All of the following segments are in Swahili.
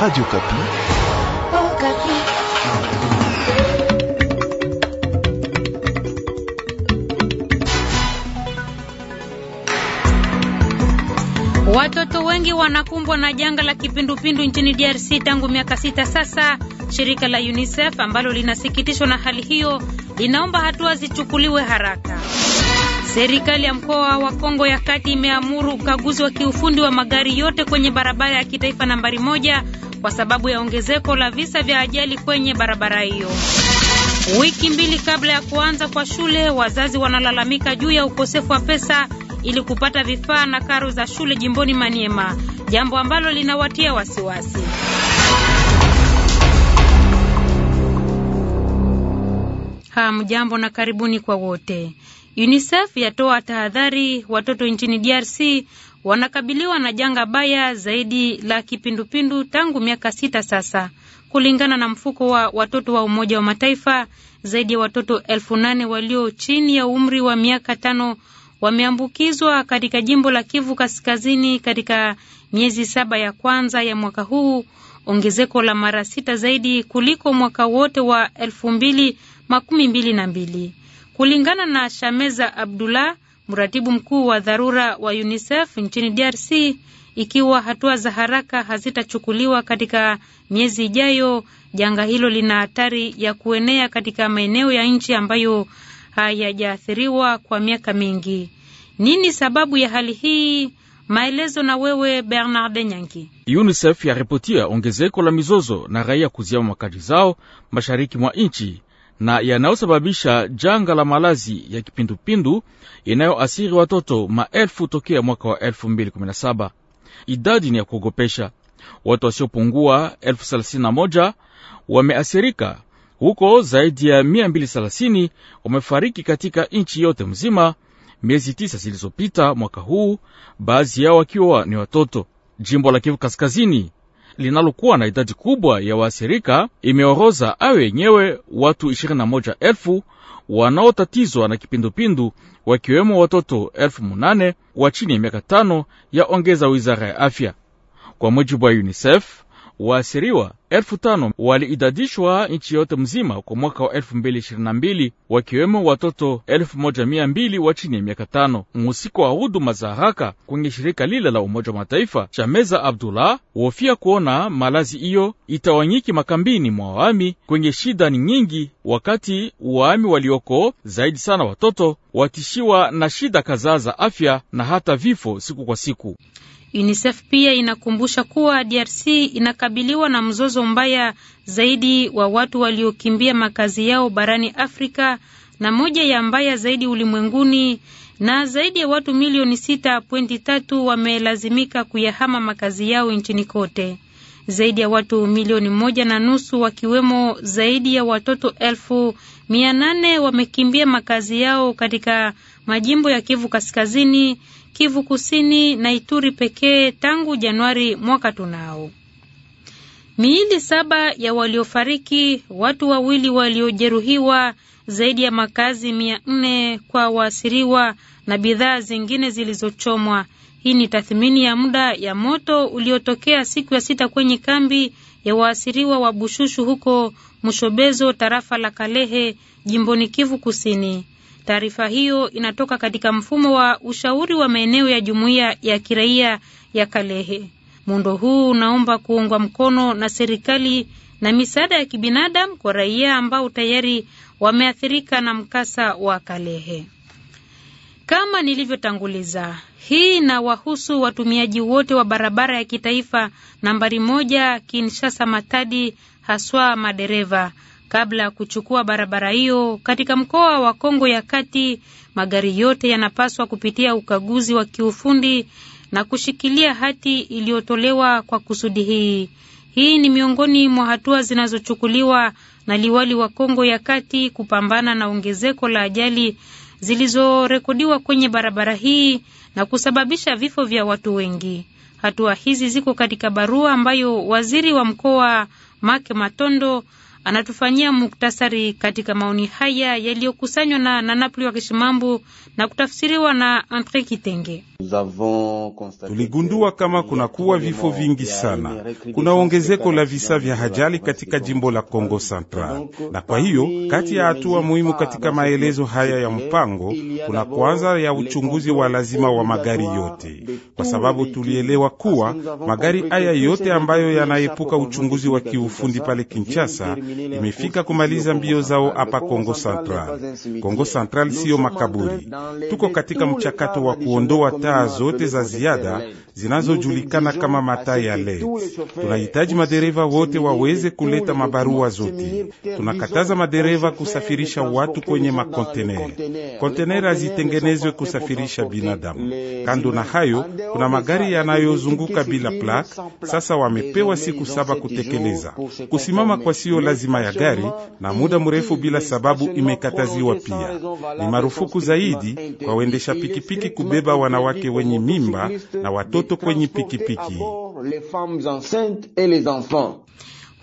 Radio Kapi. Oh, Kapi. Watoto wengi wanakumbwa na janga la kipindupindu nchini DRC tangu miaka sita sasa. Shirika la UNICEF ambalo linasikitishwa na hali hiyo linaomba hatua zichukuliwe haraka. Serikali ya mkoa wa Kongo ya Kati imeamuru ukaguzi wa kiufundi wa magari yote kwenye barabara ya kitaifa nambari moja kwa sababu ya ongezeko la visa vya ajali kwenye barabara hiyo. Wiki mbili kabla ya kuanza kwa shule, wazazi wanalalamika juu ya ukosefu wa pesa ili kupata vifaa na karo za shule jimboni Maniema, jambo ambalo linawatia wasiwasi. Hamjambo na karibuni kwa wote. UNICEF yatoa tahadhari watoto nchini DRC wanakabiliwa na janga baya zaidi la kipindupindu tangu miaka sita sasa. Kulingana na mfuko wa watoto wa Umoja wa Mataifa, zaidi ya watoto elfu nane walio chini ya umri wa miaka tano wameambukizwa katika jimbo la Kivu Kaskazini katika miezi saba ya kwanza ya mwaka huu, ongezeko la mara sita zaidi kuliko mwaka wote wa elfu mbili makumi mbili na mbili kulingana na Shameza Abdullah mratibu mkuu wa dharura wa UNICEF nchini DRC, ikiwa hatua za haraka hazitachukuliwa katika miezi ijayo, janga hilo lina hatari ya kuenea katika maeneo ya nchi ambayo hayajaathiriwa kwa miaka mingi. Nini sababu ya hali hii? Maelezo na wewe Bernard Nyangi. UNICEF yaripotia ongezeko la mizozo na raia kuziama makazi zao mashariki mwa nchi na yanayosababisha janga la malazi ya kipindupindu inayoasiri watoto maelfu tokea mwaka wa 2017. Idadi ni ya kuogopesha. Watu wasiopungua 31 wameasirika huko, zaidi ya 230 wamefariki katika nchi yote mzima miezi tisa zilizopita mwaka huu, baadhi yao wakiwa ni watoto. Jimbo la Kivu Kaskazini linalokuwa na idadi kubwa ya waasirika imeoroza ayo yenyewe watu 21 wanaotatizwa na kipindupindu wakiwemo watoto 8 wa chini ya miaka ya yaongeza wizara ya afya kwa mujibu wa UNICEF. Waasiriwa elfu tano waliidadishwa nchi yote mzima kwa mwaka wa 222 wakiwemo watoto elfu wa chini ya miaka tano. musiko wa huduma za haraka kwenye shirika lile la Umoja wa Mataifa Chameza Abdullah wofia kuona malazi hiyo itawanyiki makambini mwa waami kwenye shida ni nyingi, wakati waami walioko zaidi sana watoto watishiwa na shida kadhaa za afya na hata vifo siku kwa siku. UNICEF pia inakumbusha kuwa DRC inakabiliwa na mzozo mbaya zaidi wa watu waliokimbia makazi yao barani Afrika na moja ya mbaya zaidi ulimwenguni na zaidi ya watu milioni 6.3 wamelazimika kuyahama makazi yao nchini kote. Zaidi ya watu milioni moja na nusu wakiwemo zaidi ya watoto elfu mia nane wamekimbia makazi yao katika majimbo ya Kivu Kaskazini, Kivu Kusini na Ituri pekee tangu Januari mwaka tunao. Miili saba ya waliofariki, watu wawili waliojeruhiwa, zaidi ya makazi mia nne kwa waasiriwa na bidhaa zingine zilizochomwa. Hii ni tathmini ya muda ya moto uliotokea siku ya sita kwenye kambi ya waasiriwa wa Bushushu huko Mshobezo, tarafa la Kalehe, jimboni Kivu Kusini. Taarifa hiyo inatoka katika mfumo wa ushauri wa maeneo ya jumuiya ya kiraia ya Kalehe. Muundo huu unaomba kuungwa mkono na serikali na misaada ya kibinadamu kwa raia ambao tayari wameathirika na mkasa wa Kalehe. Kama nilivyotanguliza, hii inawahusu watumiaji wote wa barabara ya kitaifa nambari moja Kinshasa Matadi, haswa madereva Kabla ya kuchukua barabara hiyo katika mkoa wa Kongo ya Kati, magari yote yanapaswa kupitia ukaguzi wa kiufundi na kushikilia hati iliyotolewa kwa kusudi hii. Hii ni miongoni mwa hatua zinazochukuliwa na liwali wa Kongo ya Kati kupambana na ongezeko la ajali zilizorekodiwa kwenye barabara hii na kusababisha vifo vya watu wengi. Hatua hizi ziko katika barua ambayo waziri wa mkoa Make Matondo anatufanyia muktasari katika maoni haya yaliyokusanywa na Nanapli wa Kishimambu na kutafsiriwa na Andre Kitenge. Tuligundua kama kunakuwa vifo vingi sana, kuna ongezeko la visa vya hajali katika jimbo la Kongo Central, na kwa hiyo kati ya hatua muhimu katika maelezo haya ya mpango kuna kwanza ya uchunguzi wa lazima wa magari yote, kwa sababu tulielewa kuwa magari haya yote ambayo yanaepuka uchunguzi wa kiufundi pale Kinshasa imefika kumaliza mbio zao hapa Kongo Central. Kongo Central siyo makaburi. Tuko katika mchakato wa kuondoa taa zote za ziada zinazojulikana kama mataa ya LED. Tunahitaji madereva wote waweze kuleta mabarua zote. Tunakataza madereva kusafirisha watu kwenye makontenere. Kontenere hazitengenezwe kusafirisha binadamu. Kando na hayo, kuna magari yanayozunguka bila plak. Sasa wamepewa siku saba kutekeleza kusimama kwa sio lazima nzima ya gari na muda mrefu bila sababu imekataziwa pia. Ni marufuku zaidi kwa wendesha pikipiki kubeba wanawake wenye mimba na watoto kwenye pikipiki.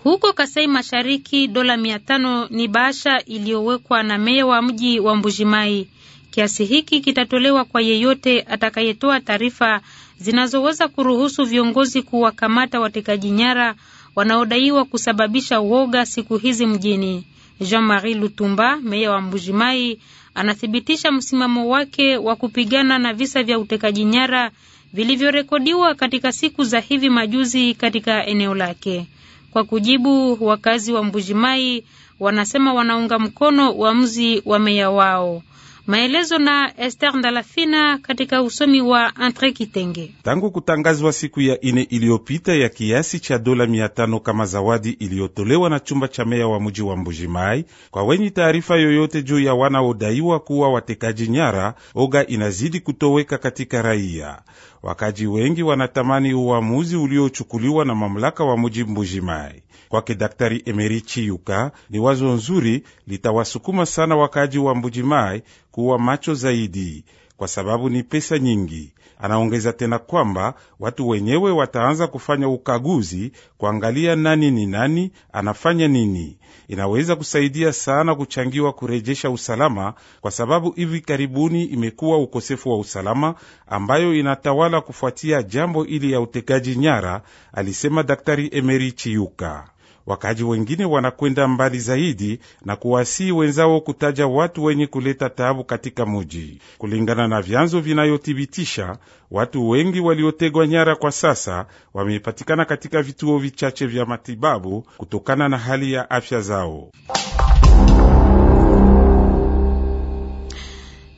Huko Kasai Mashariki, dola mia tano ni bahasha iliyowekwa na meya wa mji wa Mbujimai. Kiasi hiki kitatolewa kwa yeyote atakayetoa taarifa zinazoweza kuruhusu viongozi kuwakamata watekaji nyara wanaodaiwa kusababisha woga siku hizi mjini. Jean-Marie Lutumba, meya wa Mbujimai, anathibitisha msimamo wake wa kupigana na visa vya utekaji nyara vilivyorekodiwa katika siku za hivi majuzi katika eneo lake. Kwa kujibu, wakazi wa Mbujimai wanasema wanaunga mkono uamuzi wa meya wao. Maelezo na Esther Ndalafina katika usomi wa Entre Kitenge. Tangu kutangazwa siku ya ine iliyopita ya kiasi cha dola mia tano kama zawadi iliyotolewa na chumba cha meya wa mji wa Mbujimai kwa wenye taarifa yoyote juu ya wanaodaiwa kuwa watekaji nyara, oga inazidi kutoweka katika raia. Wakaji wengi wanatamani uamuzi uliochukuliwa na mamlaka wa mji Mbujimai. Kwake Daktari Emeri Chiyuka, ni wazo nzuri, litawasukuma sana wakaji wa Mbujimai kuwa macho zaidi kwa sababu ni pesa nyingi. Anaongeza tena kwamba watu wenyewe wataanza kufanya ukaguzi, kuangalia nani ni nani, anafanya nini. Inaweza kusaidia sana kuchangiwa kurejesha usalama, kwa sababu hivi karibuni imekuwa ukosefu wa usalama ambayo inatawala kufuatia jambo ili ya utekaji nyara, alisema Daktari Emeri Chiyuka. Wakaaji wengine wanakwenda mbali zaidi na kuwasii wenzao kutaja watu wenye kuleta taabu katika muji. Kulingana na vyanzo vinayothibitisha, watu wengi waliotegwa nyara kwa sasa wamepatikana katika vituo vichache vya matibabu kutokana na hali ya afya zao.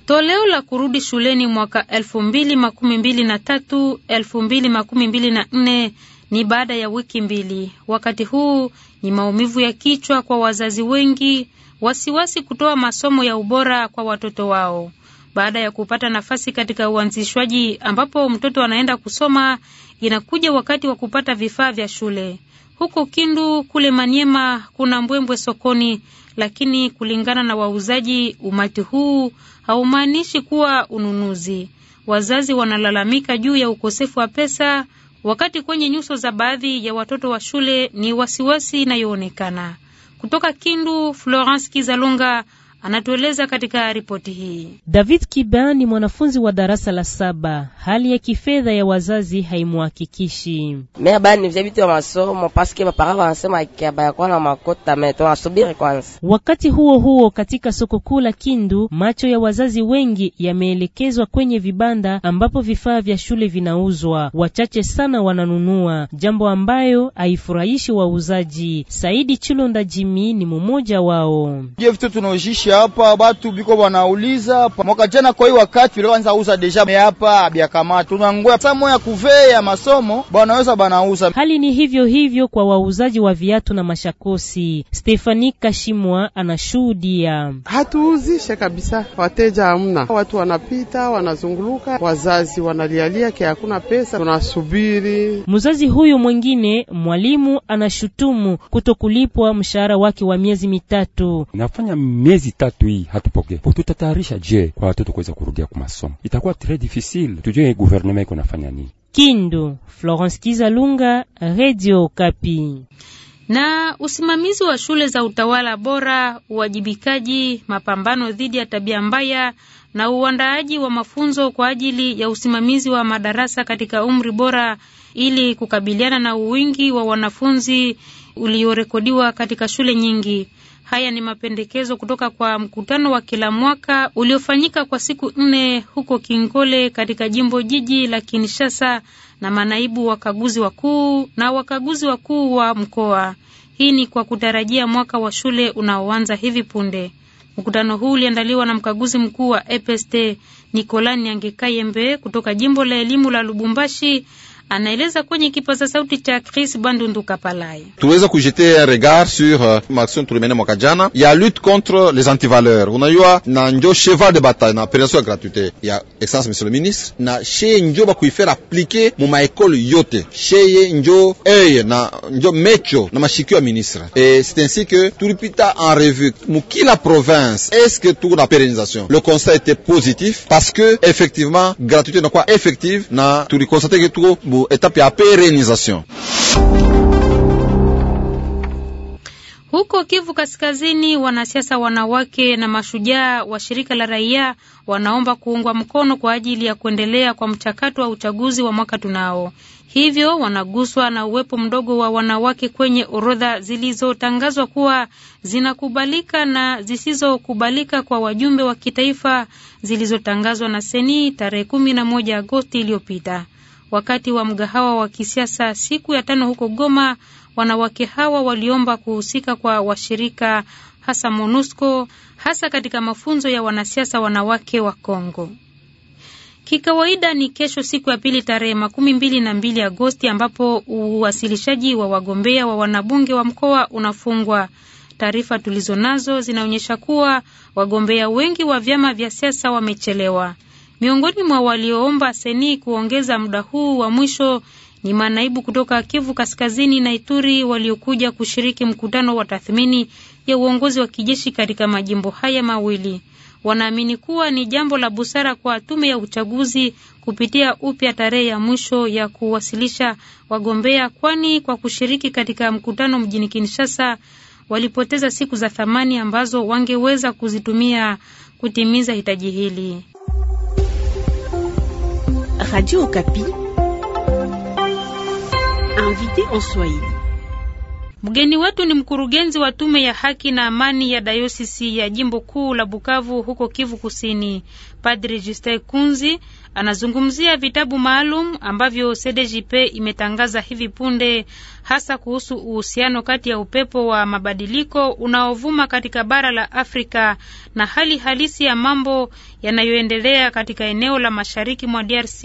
Toleo la kurudi shuleni mwaka ni baada ya wiki mbili. Wakati huu ni maumivu ya kichwa kwa wazazi wengi, wasiwasi kutoa masomo ya ubora kwa watoto wao. Baada ya kupata nafasi katika uanzishwaji ambapo mtoto anaenda kusoma, inakuja wakati wa kupata vifaa vya shule. Huko Kindu kule Manyema kuna mbwembwe sokoni, lakini kulingana na wauzaji, umati huu haumaanishi kuwa ununuzi. Wazazi wanalalamika juu ya ukosefu wa pesa, wakati kwenye nyuso za baadhi ya watoto wa shule ni wasiwasi inayoonekana. Kutoka Kindu, Florence Kizalunga anatueleza katika ripoti hii. David Kiba ni mwanafunzi wa darasa la saba. Hali ya kifedha ya wazazi haimuhakikishi masomo paske wanasema makota me kwanza. Wakati huo huo, katika soko kuu la Kindu, macho ya wazazi wengi yameelekezwa kwenye vibanda ambapo vifaa vya shule vinauzwa, wachache sana wananunua, jambo ambayo haifurahishi wauzaji. Saidi Chilonda Jimi ni mmoja wao. Je, vitu hapa, batu biko banauliza mwaka jana kwa hii wakati anza uza deja hapa abiakama tunangoya saa moya kuve ya masomo banaweza banauza. Hali ni hivyo hivyo kwa wauzaji wa viatu na mashakosi. Stefani Kashimwa anashuhudia. Hatuuzishe kabisa, wateja hamna, watu wanapita wanazunguluka, wazazi wanalialia ke hakuna pesa, tunasubiri. Mzazi huyu mwingine mwalimu anashutumu kutokulipwa mshahara wake wa miezi mitatu. Nafanya miezi tatu hii hatupokee, tutatayarisha je kwa watoto kuweza kurudia kwa masomo? Itakuwa tres difficile, tujue guvernema iko nafanya nini. Kindu, Florence Kizalunga, Radio Kapi. Na usimamizi wa shule za utawala bora, uwajibikaji, mapambano dhidi ya tabia mbaya na uandaaji wa mafunzo kwa ajili ya usimamizi wa madarasa katika umri bora ili kukabiliana na uwingi wa wanafunzi uliorekodiwa katika shule nyingi. Haya ni mapendekezo kutoka kwa mkutano wa kila mwaka uliofanyika kwa siku nne huko Kingole katika jimbo jiji la Kinshasa na manaibu wakaguzi wakuu na wakaguzi wakuu wa mkoa. Hii ni kwa kutarajia mwaka wa shule unaoanza hivi punde. Mkutano huu uliandaliwa na mkaguzi mkuu wa EPST Nikolani Angekayembe kutoka jimbo la elimu la Lubumbashi anaeleza kwenye kipaza sauti cha Chris Bandundu Kapalai. Tuweza kujetea regard sur uh, maaksion tulimene mwaka jana ya lutte contre les antivaleurs, a na njo cheval de bataille na operation ya gratuite ya excellence monsieur le ministre, na sheye njo bakuifere aplike mu maekole yote, sheye njo eye na njo mecho na mashikio ya ministre, et c'est ainsi que tulipita en revue kila province est-ce que na pérennisation. Le constat était positif parce que effectivement gratuité inakuwa effective na tulikonstate ke tuko karibu etape ya perenization. Huko Kivu Kaskazini, wanasiasa wanawake na mashujaa wa shirika la raia wanaomba kuungwa mkono kwa ajili ya kuendelea kwa mchakato wa uchaguzi wa mwaka tunao. Hivyo wanaguswa na uwepo mdogo wa wanawake kwenye orodha zilizotangazwa kuwa zinakubalika na zisizokubalika kwa wajumbe wa kitaifa zilizotangazwa na Seni tarehe kumi na moja Agosti iliyopita wakati wa mgahawa wa kisiasa siku ya tano huko Goma. Wanawake hawa waliomba kuhusika kwa washirika hasa MONUSCO hasa katika mafunzo ya wanasiasa wanawake wa Kongo. Kikawaida ni kesho siku ya pili tarehe makumi mbili na mbili Agosti ambapo uwasilishaji wa wagombea wa wanabunge wa mkoa unafungwa. Taarifa tulizo nazo zinaonyesha kuwa wagombea wengi wa vyama vya siasa wamechelewa. Miongoni mwa walioomba seni kuongeza muda huu wa mwisho ni manaibu kutoka Kivu Kaskazini na Ituri waliokuja kushiriki mkutano wa tathmini ya uongozi wa kijeshi katika majimbo haya mawili. Wanaamini kuwa ni jambo la busara kwa tume ya uchaguzi kupitia upya tarehe ya mwisho ya kuwasilisha wagombea, kwani kwa kushiriki katika mkutano mjini Kinshasa walipoteza siku za thamani ambazo wangeweza kuzitumia kutimiza hitaji hili. Radio Okapi. Invité en Swahili. Mgeni wetu ni mkurugenzi wa tume ya haki na amani ya dayosisi ya jimbo kuu la Bukavu huko Kivu Kusini, Padre Justin Kunzi Anazungumzia vitabu maalum ambavyo CDJP imetangaza hivi punde hasa kuhusu uhusiano kati ya upepo wa mabadiliko unaovuma katika bara la Afrika na hali halisi ya mambo yanayoendelea katika eneo la mashariki mwa DRC.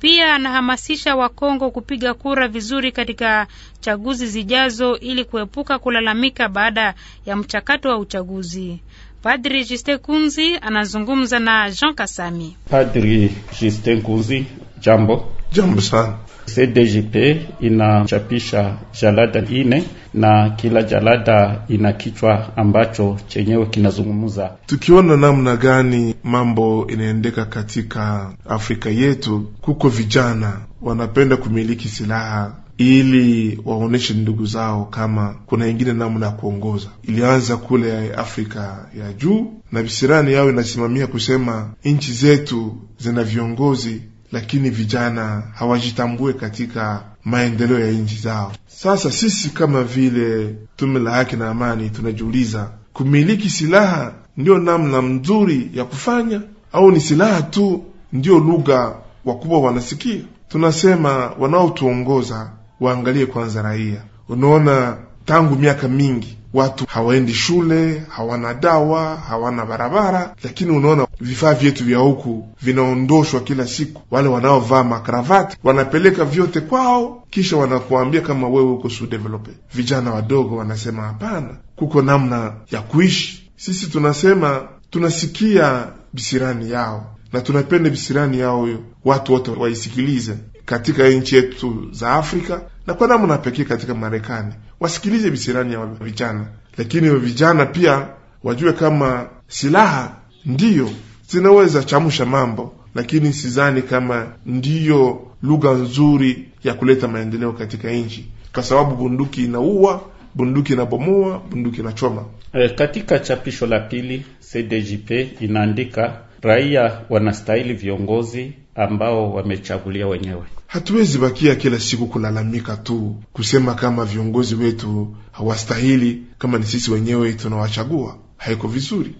Pia anahamasisha Wakongo kupiga kura vizuri katika chaguzi zijazo ili kuepuka kulalamika baada ya mchakato wa uchaguzi. Padri Justin Kunzi anazungumza na Jean Kasami. Padri Justin Kunzi, jambo. Jambo sana. CDJP inachapisha jalada ine na kila jalada ina kichwa ambacho chenyewe kinazungumza, tukiona namna gani mambo inaendeka katika Afrika yetu. Kuko vijana wanapenda kumiliki silaha ili waonyeshe ndugu zao kama kuna ingine namna ya kuongoza. Ilianza kule Afrika ya juu, na visirani yao inasimamia kusema nchi zetu zina viongozi, lakini vijana hawajitambue katika maendeleo ya nchi zao. Sasa sisi kama vile tume la haki na amani tunajiuliza, kumiliki silaha ndiyo namna mzuri ya kufanya au ni silaha tu ndiyo lugha wakubwa wanasikia? Tunasema wanaotuongoza waangalie kwanza raia. Unaona, tangu miaka mingi watu hawaendi shule, hawana dawa, hawana barabara, lakini unaona vifaa vyetu vya huku vinaondoshwa kila siku. Wale wanaovaa makaravati wanapeleka vyote kwao, kisha wanakuambia kama wewe uko su develope. Vijana wadogo wanasema hapana, kuko namna ya kuishi. Sisi tunasema tunasikia bisirani yao na tunapenda bisirani yao, huyo watu wote waisikilize katika nchi yetu za Afrika na kwa namna pekee katika Marekani, wasikilize visirani ya vijana, lakini vijana pia wajue kama silaha ndiyo zinaweza chamsha mambo, lakini sidhani kama ndiyo lugha nzuri ya kuleta maendeleo katika nchi, kwa sababu bunduki inaua, bunduki inabomoa, bunduki inachoma. E, katika chapisho la pili CDJP inaandika raia wanastahili viongozi ambao wamechagulia wenyewe. Hatuwezi bakia kila siku kulalamika tu, kusema kama viongozi wetu hawastahili, kama ni sisi wenyewe tunawachagua. Haiko vizuri,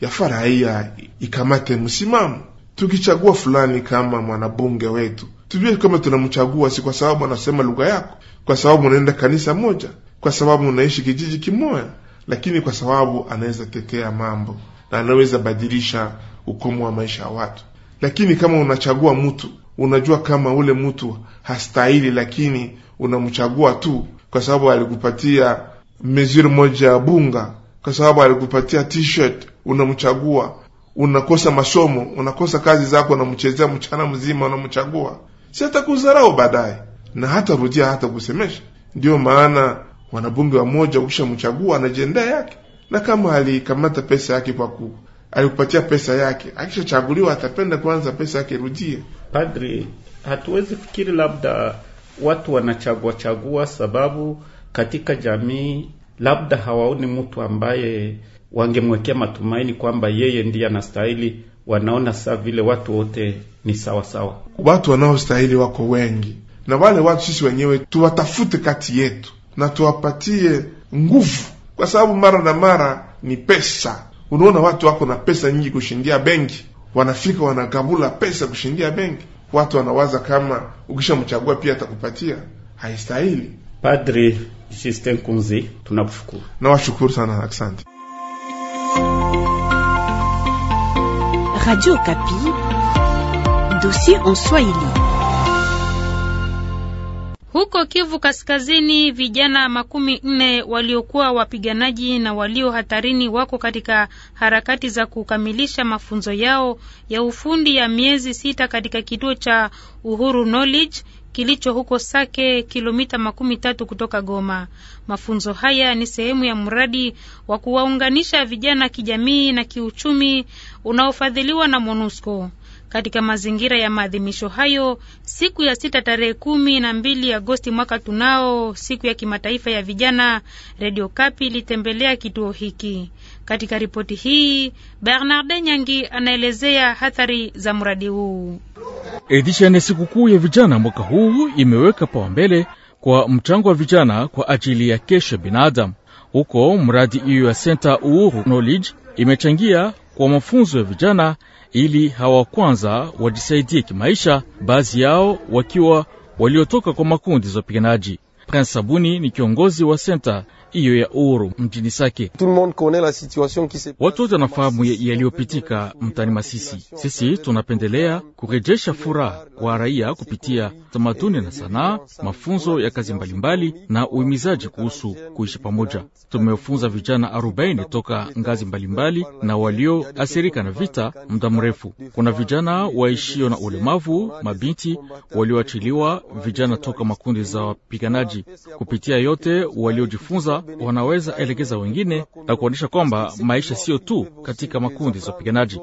yafaa raia ikamate msimamo. Tukichagua fulani kama mwanabunge wetu, tujue kama tunamchagua si kwa sababu anasema lugha yako, kwa sababu unaenda kanisa moja, kwa sababu unaishi kijiji kimoya lakini kwa sababu anaweza tetea mambo na anaweza badilisha ukomo wa maisha ya watu. Lakini kama unachagua mtu unajua kama ule mtu hastahili, lakini unamchagua tu kwa sababu alikupatia mesure moja ya bunga, kwa sababu alikupatia t-shirt, unamchagua. Unakosa masomo, unakosa kazi zako, unamchezea mchana mzima, unamchagua, si kuzarau baadaye na hata rudia hata kusemesha. Ndiyo maana wanabunge wa moja ukishamchagua anajiendea yake, na kama alikamata pesa yake kwa ku alikupatia pesa yake, akishachaguliwa atapenda kwanza pesa yake rudie. Padri, hatuwezi fikiri labda watu wanachagua chagua sababu katika jamii labda hawaoni mtu ambaye wangemwekea matumaini kwamba yeye ndiye anastahili. Wanaona saa vile watu wote ni sawa sawa. Watu wanaostahili wako wengi, na wale watu sisi wenyewe tuwatafute kati yetu na tuwapatie nguvu, kwa sababu mara na mara ni pesa Unaona watu wako na pesa nyingi kushindia benki, wanafika wanagambula pesa kushindia benki. Watu wanawaza kama ukishamchagua pia atakupatia, haistahili. Padri Justin Kunzi, tunakushukuru. Nawashukuru sana, asante. Radio Kapi, dossier en Swahili. Huko Kivu Kaskazini, vijana makumi nne waliokuwa wapiganaji na walio hatarini wako katika harakati za kukamilisha mafunzo yao ya ufundi ya miezi sita katika kituo cha Uhuru Knowledge kilicho huko Sake, kilomita makumi tatu kutoka Goma. Mafunzo haya ni sehemu ya mradi wa kuwaunganisha vijana kijamii na kiuchumi unaofadhiliwa na MONUSCO. Katika mazingira ya maadhimisho hayo, siku ya sita tarehe kumi na mbili Agosti mwaka tunao, siku ya kimataifa ya vijana, redio Kapi ilitembelea kituo hiki. Katika ripoti hii, Bernarde Nyangi anaelezea hathari za mradi huu. Edishani ya sikukuu ya vijana mwaka huu imeweka mbele kwa mchango wa vijana kwa ajili ya kesho binadamu. Huko mradi iyo ya Center Uhuru Knowledge imechangia kwa mafunzo ya vijana ili hawa kwanza wajisaidie kimaisha, baadhi yao wakiwa waliotoka kwa makundi za wapiganaji. Prince Sabuni ni kiongozi wa senta hiyo ya uhuru mjini Sake. Watu wote wanafahamu yaliyopitika mtani Masisi. Sisi tunapendelea kurejesha furaha kwa raia kupitia tamaduni na sanaa, mafunzo ya kazi mbalimbali na uhimizaji kuhusu kuishi pamoja. Tumefunza vijana arobaini toka ngazi mbalimbali na walioathirika na vita muda mrefu. Kuna vijana waishio na ulemavu, mabinti walioachiliwa, vijana toka makundi za wapiganaji. Kupitia yote waliojifunza wanaweza elekeza wengine na kuonyesha kwamba maisha siyo tu katika makundi za wapiganaji.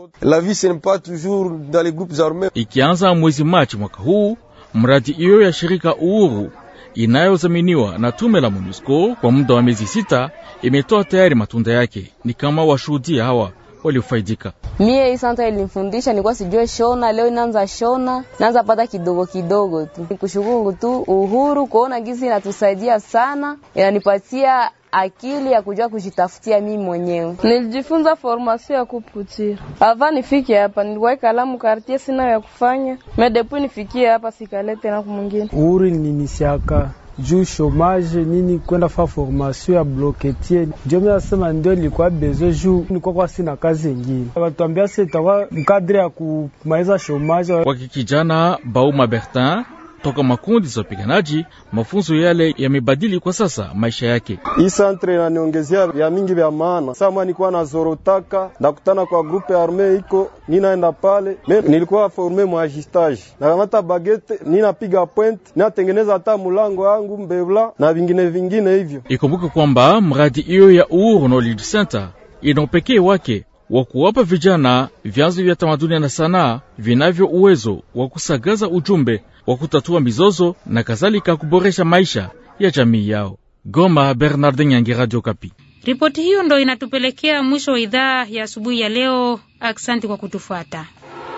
Ikianza mwezi Machi mwaka huu, mradi hiyo ya shirika uhuru inayozaminiwa na tume la MONUSCO kwa muda wa miezi sita imetoa tayari matunda yake, ni kama washuhudia hawa waliofaidika. Mie hii santa ilinifundisha, nikuwa sijue shona, leo inaanza shona, naanza pata kidogo kidogo tu. Nikushukuru tu uhuru kuona gizi inatusaidia sana, inanipatia akili ya kujua kujitafutia mimi mwenyewe. Nilijifunza formation ya kuputira ava nifike hapa, nilikuwa kalamu kartie sina ya kufanya medepu, nifikie hapa sikale tena kumwingine uri ninisiaka juu shomage nini kwenda fa formation ya bloketie ndio mi nasema ndio nilikuwa bezo juu nilikuwa kwa sina kazi watuambia wakatuambia sitakuwa mkadri ya kumaliza chomage. Kwa Bauma Bertin toka makundi za wapiganaji. Mafunzo yale yamebadili kwa sasa maisha yake. Hii santre inaniongezea ya mingi vya maana. Sama nikuwa na zorotaka ndakutana kwa grupe arme iko ninaenda pale me, nilikuwa forme mwa ajistaji na bagete ninapiga point ninatengeneza hata mulango yangu mbevla na vingine vingine hivyo. Ikumbuke kwamba mradi hiyo ya uhuru Knowledge Center ina upekee wake wa kuwapa vijana vyanzo vya tamaduni na sanaa vinavyo uwezo wa kusagaza ujumbe wa kutatua mizozo na kadhalika kuboresha maisha ya jamii yao. Goma, Bernard Nyange, Radio Kapi. Ripoti hiyo ndo inatupelekea mwisho wa idhaa ya asubuhi ya leo. aksanti kwa kutufuata.